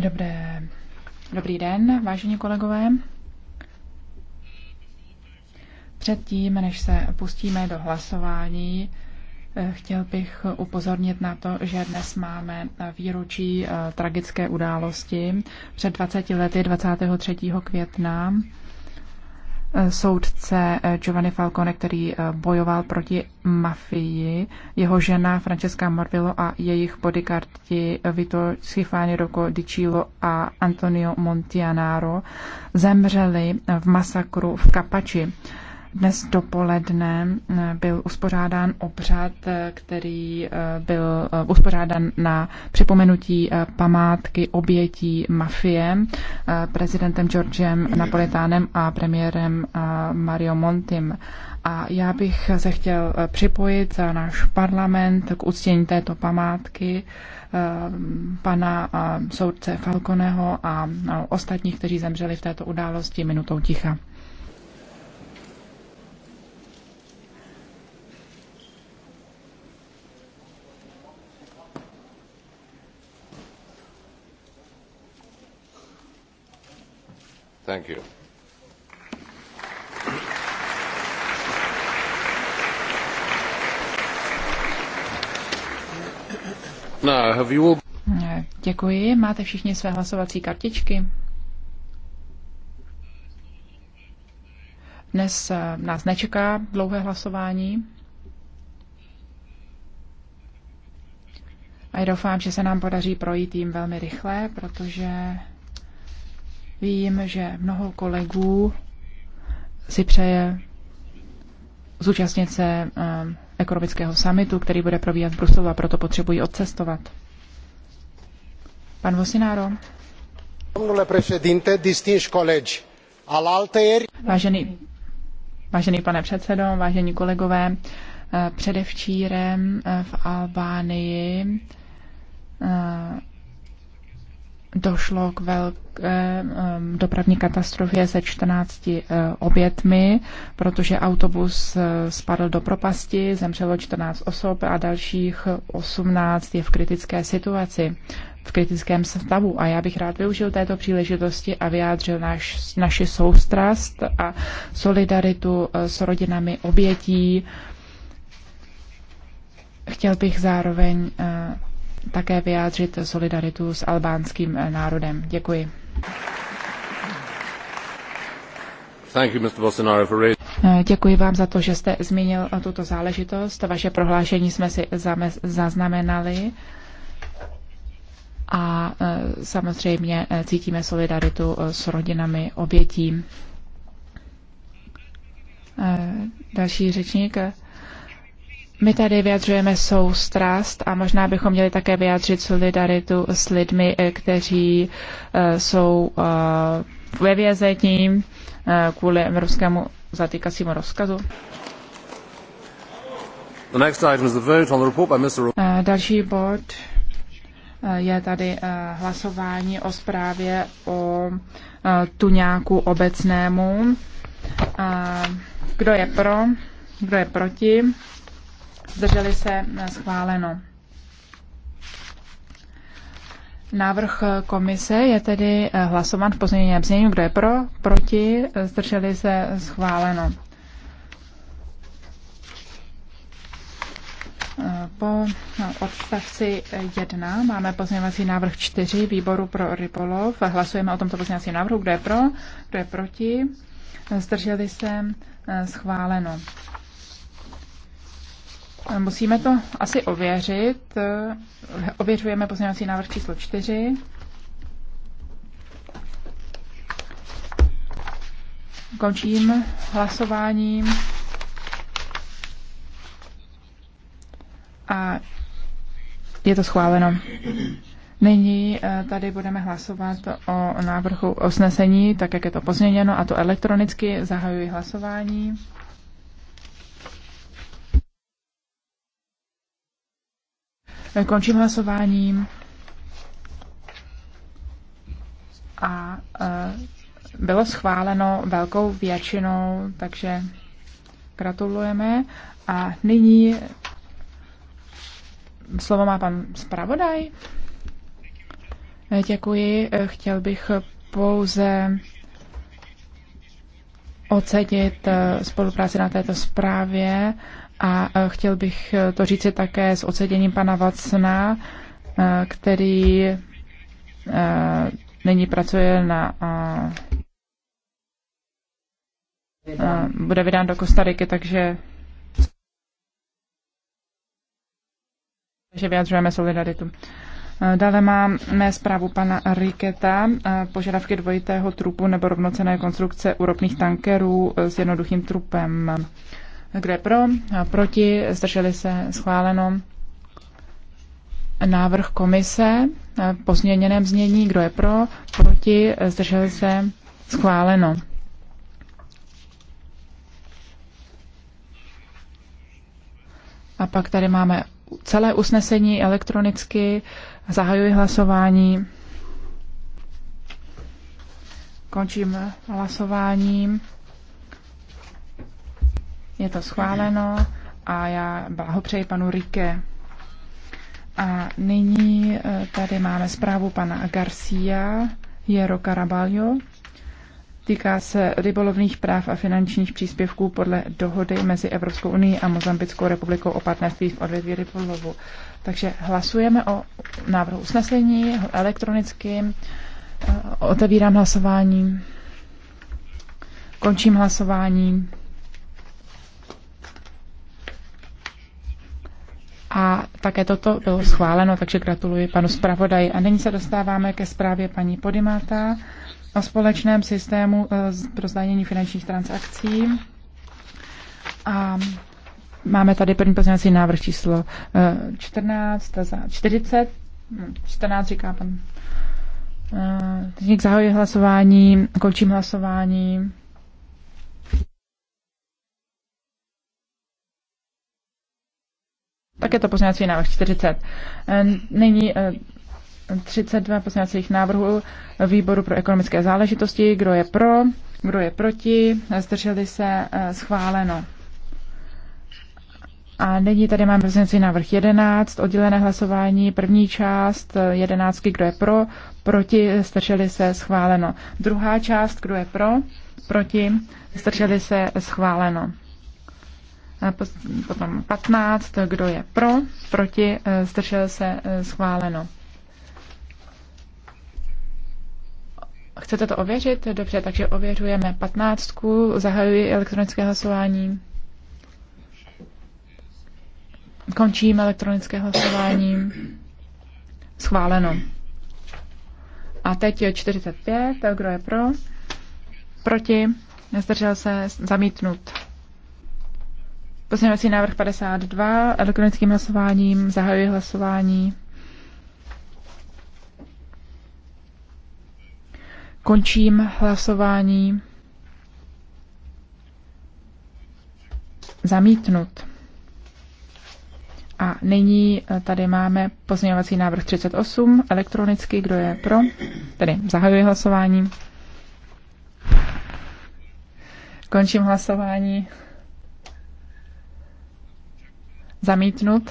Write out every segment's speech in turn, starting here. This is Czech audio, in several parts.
Dobré, dobrý den, vážení kolegové. Předtím, než se pustíme do hlasování, eh, chtěl bych upozornit na to, že dnes máme výročí eh, tragické události před 20 lety 23. května Eh, soudce eh, Giovanni Falcone, který eh, bojoval proti mafii, jeho žena Francesca Morvillo a jejich bodyguardi Vito Schifani Rocco Di Cilo a Antonio Montianaro zemřeli v masakru v Kapači. Dnes dopoledne eh, byl uspořádán obřad, eh, který eh, byl uspořádán na připomenutí památky obětí mafie prezidentem Georgem Napolitánem a premiérem Mario Montim. A já bych se chtěl připojit za náš parlament k uctění této památky pana soudce Falconeho a ostatních, kteří zemřeli v této události minutou ticha. Thank you. have you all... Děkuji. Máte všichni své hlasovací kartičky? Dnes eh, nás nečeká dlouhé hlasování. A doufám, že se nám podaří projít jim velmi rychle, protože Vím, že mnoho kolegů si přeje zúčastnit se ehm, ekonomického summitu, který bude probíhat v Bruselu a proto potřebují odcestovat. Pan Vosináro. Domnule președinte, distinși colegi, alaltăieri... Vážený, vážený pane předsedo, vážení kolegové, eh, předevčírem eh, v Albánii eh, došlo k velké dopravní katastrofě se 14 eh, obětmi, protože autobus eh, spadl do propasti, zemřelo 14 osob a dalších 18 je v kritické situaci, v kritickém stavu. A já bych rád využil této příležitosti a vyjádřil naš, naši soustrast a solidaritu eh, s rodinami obětí. Chtěl bych zároveň také vyjádřit solidaritu s albánským eh, národem. Děkuji. Eh, děkuji vám za to, že jste zmínil eh, tuto záležitost. Vaše prohlášení jsme si zaznamenali a samozřejmě cítíme solidaritu s rodinami obětí. Další řečník. My tady vyjadřujeme soustrast a možná bychom měli také vyjádřit solidaritu s lidmi, eh, kteří eh, jsou eh, ve vězení kvůli evropskému zatýkacímu rozkazu. Další bod je tady hlasování o zprávě o tuňáku obecnému. Kdo je pro? Kdo je proti? zdrželi se eh, schváleno. Návrh eh, komise je tedy eh, hlasován v pozměněném znění. Kdo je pro, proti, zdrželi se schváleno. Po no, odstavci 1 máme pozměňovací návrh 4 výboru pro rybolov. Hlasujeme o tomto pozměňovacím návrhu. Kdo je pro, kdo je proti, zdrželi se schváleno. Musíme to asi ověřit. Ověřujeme pozměňovací návrh číslo 4. Končím hlasováním. A je to schváleno. Nyní eh, tady budeme hlasovat o návrhu usnesení, tak jak je to pozměněno, a to elektronicky zahajuji hlasování. Končím hlasováním. A e, bylo schváleno velkou většinou, takže gratulujeme. A nyní slovo má pan zpravodaj. Děkuji. Chtěl bych pouze ocenit e, spolupráci na této zprávě a e, chtěl bych e, to říci také s oceděním pana Vacna, e, který nyní pracuje na bude vydán do Kostariky, takže že vyjadřujeme solidaritu. Dále máme zprávu pana Riketa, požadavky dvojitého trupu nebo rovnocené konstrukce úropných tankerů s jednoduchým trupem kde pro, proti, zdrželi se schváleno návrh komise v pozměněném znění, kdo je pro, proti, zdrželi se schváleno. A pak tady máme celé usnesení elektronicky, zahajuji hlasování, končím hlasováním. Je to schváleno a já blahopřeji panu Rike. A nyní eh, tady máme zprávu pana Garcia Jero Caraballo. Týká se rybolovných práv a finančních příspěvků podle dohody mezi Evropskou unii a Mozambickou republikou o partnerství v odvětví rybolovu. Takže hlasujeme o návrhu usnesení elektronicky. Eh, otevírám hlasování. Končím hlasování. A také toto bylo schváleno, takže gratuluji panu zpravodaji. A nyní se dostáváme ke zprávě paní Podimata o společném systému eh, pro zdanění finančních transakcí. A máme tady první pozměňovací návrh číslo 14, 40, 14 říká pan. Teď eh, zahajuje hlasování, končím hlasování. Tak je to pozměňovací návrh 40. Eh, nyní 32 eh, pozměňovacích návrhů výboru pro ekonomické záležitosti. Kdo je pro, kdo je proti, zdrželi se eh, schváleno. A nyní tady máme pozměňovací návrh 11, oddělené hlasování, první část 11, kdo je pro, proti, zdrželi se schváleno. Druhá část, kdo je pro, proti, zdrželi se schváleno potom 15, kdo je pro, proti, e, zdržel se, e, schváleno. Chcete to ověřit? Dobře, takže ověřujeme 15. Zahajuji elektronické hlasování. Končím elektronické hlasování. Schváleno. A teď je 45. Kdo je pro? Proti? Nezdržel se? Zamítnut. Pozměňovací návrh 52 elektronickým hlasováním. Zahajuji hlasování. Končím hlasování. Zamítnut. A nyní eh, tady máme pozměňovací návrh 38 elektronicky. Kdo je pro? Tedy zahajuji hlasování. Končím hlasování zamítnut.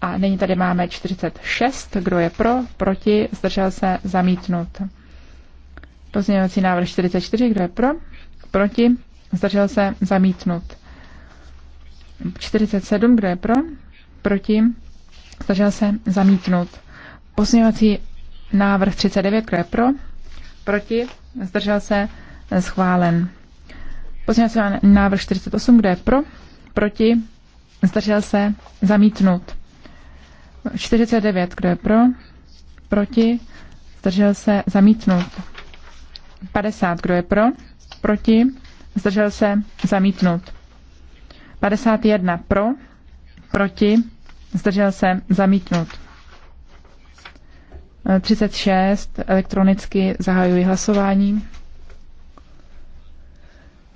A nyní tady máme 46, kdo je pro, proti, zdržel se, zamítnut. Pozměňovací návrh 44, kdo je pro, proti, zdržel se, zamítnut. 47, kdo je pro, proti, zdržel se, zamítnut. Pozměňovací návrh 39, kdo je pro, proti, zdržel se, schválen. Pozměňovací návrh 48, kdo je pro, proti, zdržel se, zamítnut. 49, kdo je pro, proti, zdržel se, zamítnut. 50, kdo je pro, proti, zdržel se, zamítnut. 51 pro, proti, zdržel se, zamítnut. 36 elektronicky zahajuji hlasování.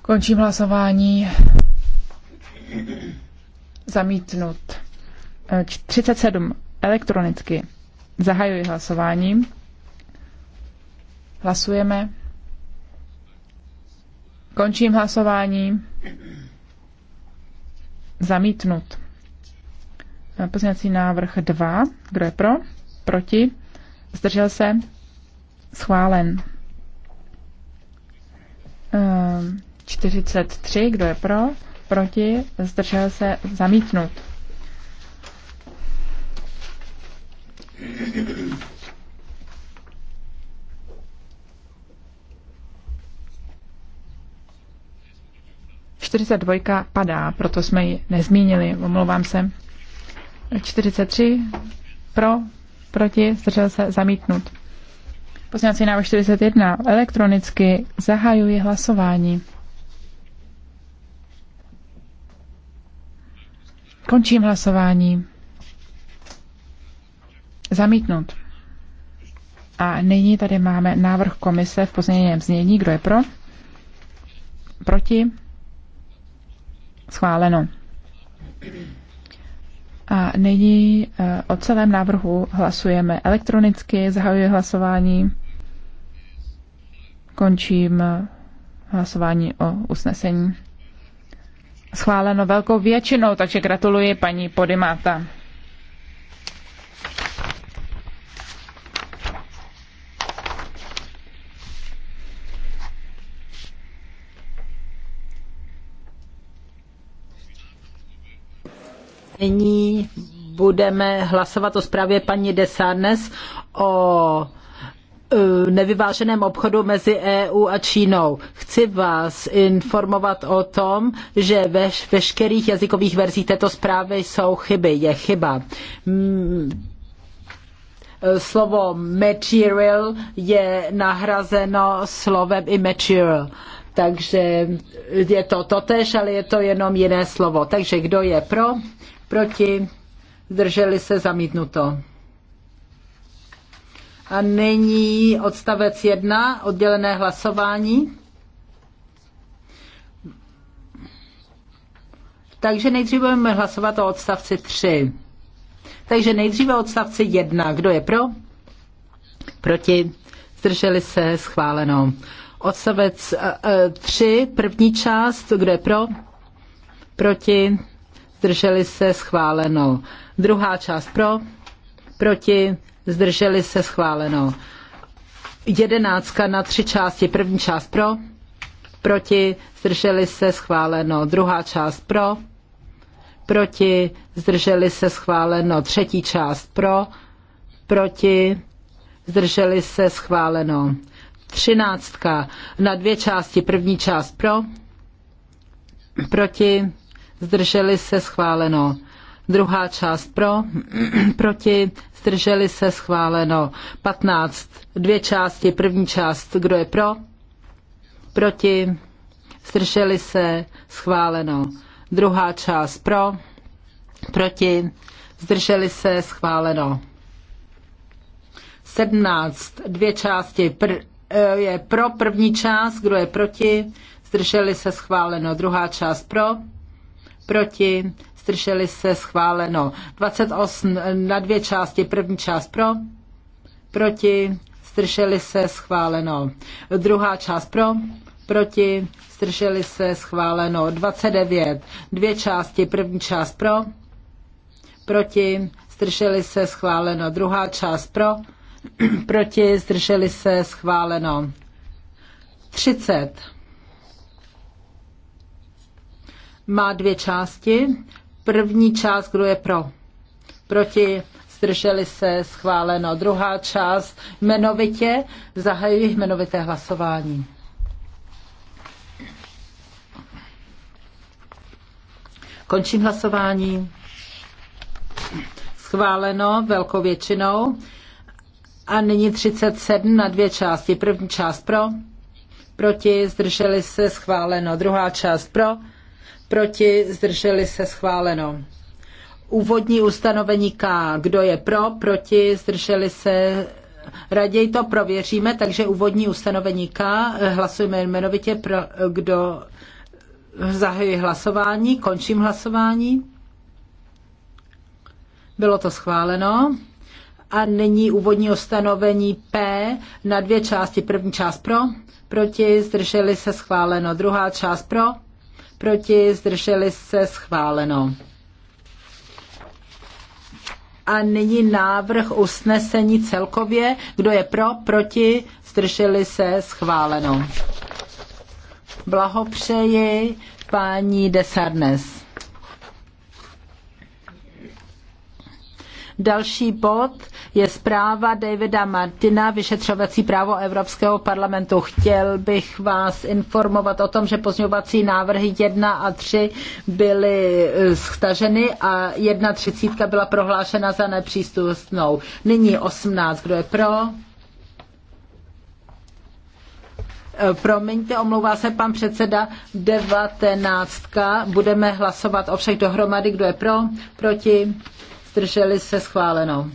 Končím hlasování. Thank you zamítnut. 37 eh, elektronicky. Zahajuji hlasování. Hlasujeme. Končím hlasování. Zamítnut. Eh, Pozněcí návrh 2. Kdo je pro? Proti? Zdržel se? Schválen. 43. Eh, Kdo je pro? proti, zdržel se, zamítnut. Čtyřicet dvojka padá, proto jsme ji nezmínili, omlouvám se. 43 pro, proti, zdržel se, zamítnut. Poslanecí návrh 41. Elektronicky zahajuji hlasování. Končím hlasování. Zamítnut. A nyní tady máme návrh komise v pozměněném znění. Kdo je pro? Proti? Schváleno. A nyní e, o celém návrhu hlasujeme elektronicky, zahajuji hlasování, končím e, hlasování o usnesení schváleno velkou většinou, takže gratuluji paní Podimata. Nyní budeme hlasovat o zprávě paní Desárnes o Eh, nevyváženém obchodu mezi EU a Čínou. Chci vás informovat o tom, že ve veškerých jazykových verzích této zprávy jsou chyby, je chyba. Mm, eh, slovo material je nahrazeno slovem immaterial. Takže je to totéž, ale je to jenom jiné slovo. Takže kdo je pro, proti, zdrželi se zamítnuto. A nyní odstavec 1, oddělené hlasování. Takže nejdříve budeme hlasovat o odstavci 3. Takže nejdříve odstavci 1. Kdo je pro? Proti? Zdrželi se? Schváleno. Odstavec 3, eh, eh, první část. Kdo je pro? Proti? Zdrželi se? Schváleno. Druhá část pro? Proti? zdrželi se schváleno. Jedenáctka na tři části. První část pro, proti, zdrželi se schváleno. Druhá část pro, proti, zdrželi se schváleno. Třetí část pro, proti, zdrželi se schváleno. Třináctka na dvě části. První část pro, proti, zdrželi se schváleno. Druhá část pro, proti, zdrželi se schváleno. 15. Dvě části. První část, kdo je pro, proti, zdrželi se schváleno. Druhá část pro, proti, zdrželi se schváleno. 17. Dvě části. Pr- eh, je pro první část, kdo je proti, zdrželi se schváleno. Druhá část pro, proti, zdrželi se, schváleno. 28 na dvě části, první část pro, proti, zdrželi se, schváleno. Druhá část pro, proti, zdrželi se, schváleno. 29, dvě části, první část pro, proti, zdrželi se, schváleno. Druhá část pro, proti, zdrželi se, schváleno. 30. Má dvě části. První část, kdo je pro? Proti? Zdrželi se? Schváleno. Druhá část, jmenovitě. Zahajuji jmenovité hlasování. Končím hlasování. Schváleno velkou většinou. A nyní 37 na dvě části. První část pro, proti, zdrželi se, schváleno. Druhá část pro, proti, zdrželi se schváleno. Úvodní ustanovení K, kdo je pro, proti, zdrželi se Raději to prověříme, takže úvodní ustanovení K, hlasujeme jmenovitě pro, kdo zahají hlasování, končím hlasování. Bylo to schváleno. A nyní úvodní ustanovení P na dvě části. První část pro, proti, zdrželi se schváleno. Druhá část pro, proti, zdrželi se, schváleno. A nyní návrh usnesení celkově. Kdo je pro, proti, zdrželi se, schváleno. Blahopřeji paní Desarnes. Další bod je zpráva Davida Martina, vyšetřovací právo Evropského parlamentu. Chtěl bych vás informovat o tom, že pozňovací návrhy 1 a 3 byly eh, schtaženy a 1 třicítka byla prohlášena za nepřístupnou. Nyní 18. Kdo je pro? Eh, promiňte, omlouvá se pan předseda, devatenáctka, budeme hlasovat o všech dohromady, kdo je pro, proti, zdrželi se schváleno.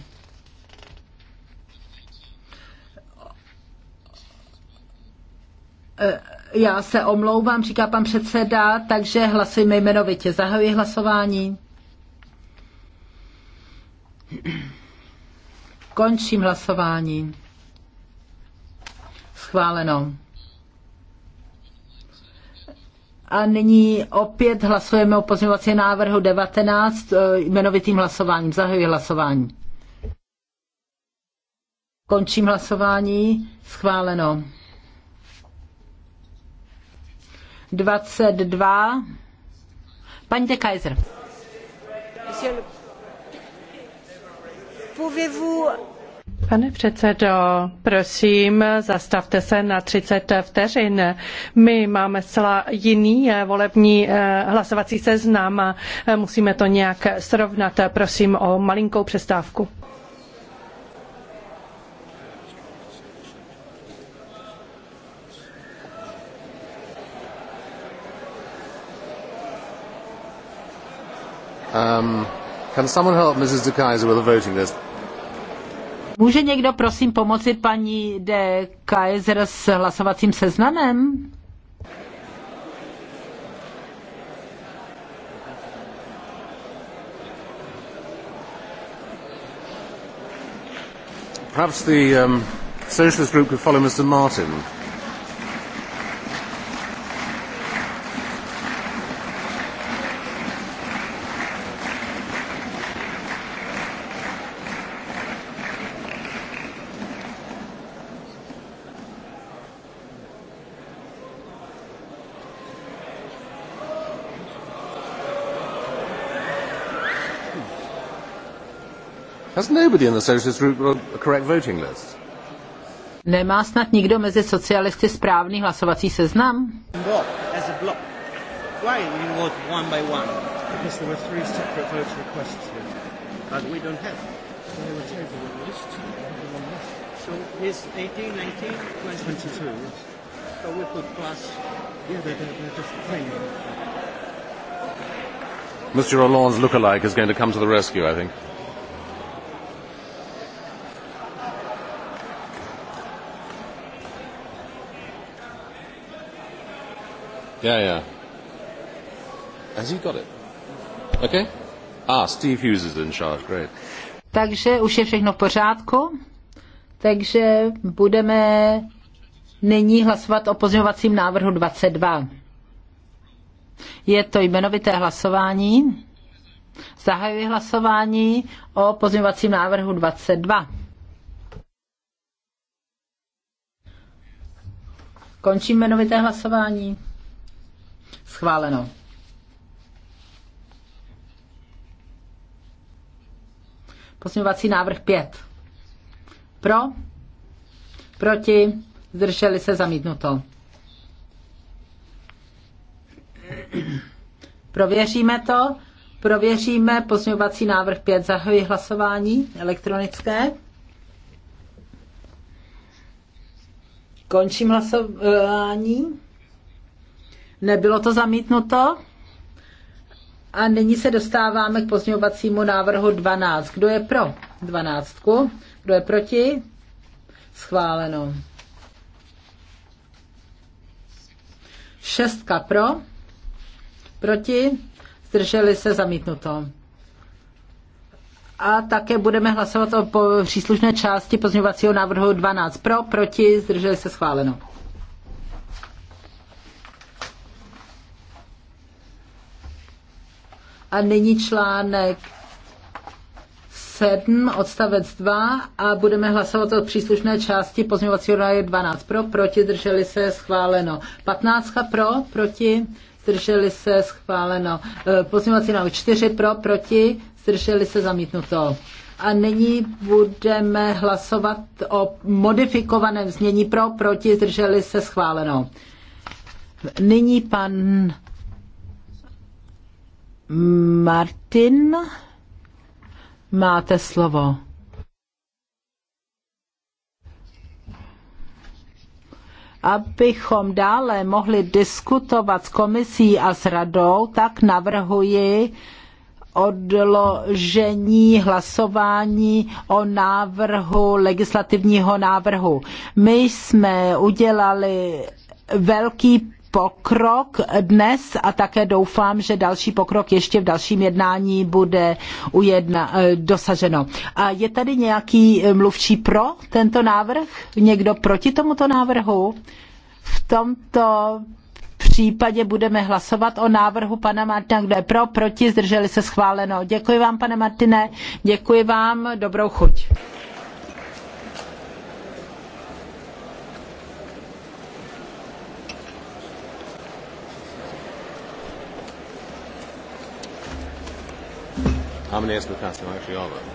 E, já se omlouvám, říká pan předseda, takže hlasujme jmenovitě. Zahajuji hlasování. Končím hlasování. Schváleno. A nyní opět hlasujeme o pozměňovací návrhu 19 eh, jmenovitým hlasováním. Zahajuji hlasování. Končím hlasování. Schváleno. 22. Paní de Kaiser. Pouvez-vous Pane předsedo, prosím, zastavte se na 30 vteřin. My máme zcela jiný eh, volební eh, hlasovací seznam. a eh, Musíme to nějak srovnat. Prosím o malinkou přestávku. Um, can someone help Mrs. De Kaiser with a voting list? Může někdo prosím pomoci paní de Kaiser s hlasovacím seznamem? Perhaps the um, socialist group could follow Mr. Martin. Nemá snad nikdo mezi socialisty správný hlasovací seznam? as a Why vote one by one? Because there were three separate But uh, we don't have. were So 18, 19, 22. we put plus. Yeah, they're, just Mr. Hollande's look-alike is going to come to the rescue, I think. Yeah, yeah. Has he got it? Okay. Ah, Steve Hughes is in charge. Great. Takže už je všechno v pořádku. Takže budeme nyní hlasovat o pozměňovacím návrhu 22. Je to jmenovité hlasování. Zahajuji hlasování o pozměňovacím návrhu 22. Končím jmenovité hlasování. Schváleno. Posměvací návrh 5. Pro? Proti? Zdrželi se zamítnuto. Prověříme to. Prověříme pozměňovací návrh 5. Zahajuji hlasování elektronické. Končím hlasování. Nebylo to zamítnuto? A nyní se dostáváme k pozměňovacímu návrhu 12. Kdo je pro 12? Kdo je proti? Schváleno. Šestka pro, proti, zdrželi se zamítnuto. A také budeme hlasovat o příslušné části pozměňovacího návrhu 12 pro, proti, zdrželi se schváleno. a nyní článek 7 odstavec 2 a budeme hlasovat o příslušné části pozměňovacího návrhu 12 pro, proti, zdrželi se, schváleno. 15 pro, proti, zdrželi se, schváleno. E, pozměňovací návrh 4 pro, proti, zdrželi se, zamítnuto. A nyní budeme hlasovat o modifikovaném znění pro, proti, zdrželi se, schváleno. Nyní pan Martin, máte slovo. Abychom dále mohli diskutovat s komisí a s radou, tak navrhuji, odložení hlasování o návrhu legislativního návrhu. My jsme udělali velký pokrok dnes a také doufám, že další pokrok ještě v dalším jednání bude ujedna, eh, dosaženo. A je tady nějaký eh, mluvčí pro tento návrh? Někdo proti tomuto návrhu? V tomto případě budeme hlasovat o návrhu pana Martina, kdo je pro, proti, zdrželi se schváleno. Děkuji vám, pane Martine, děkuji vám, dobrou chuť. How many explications actually are there?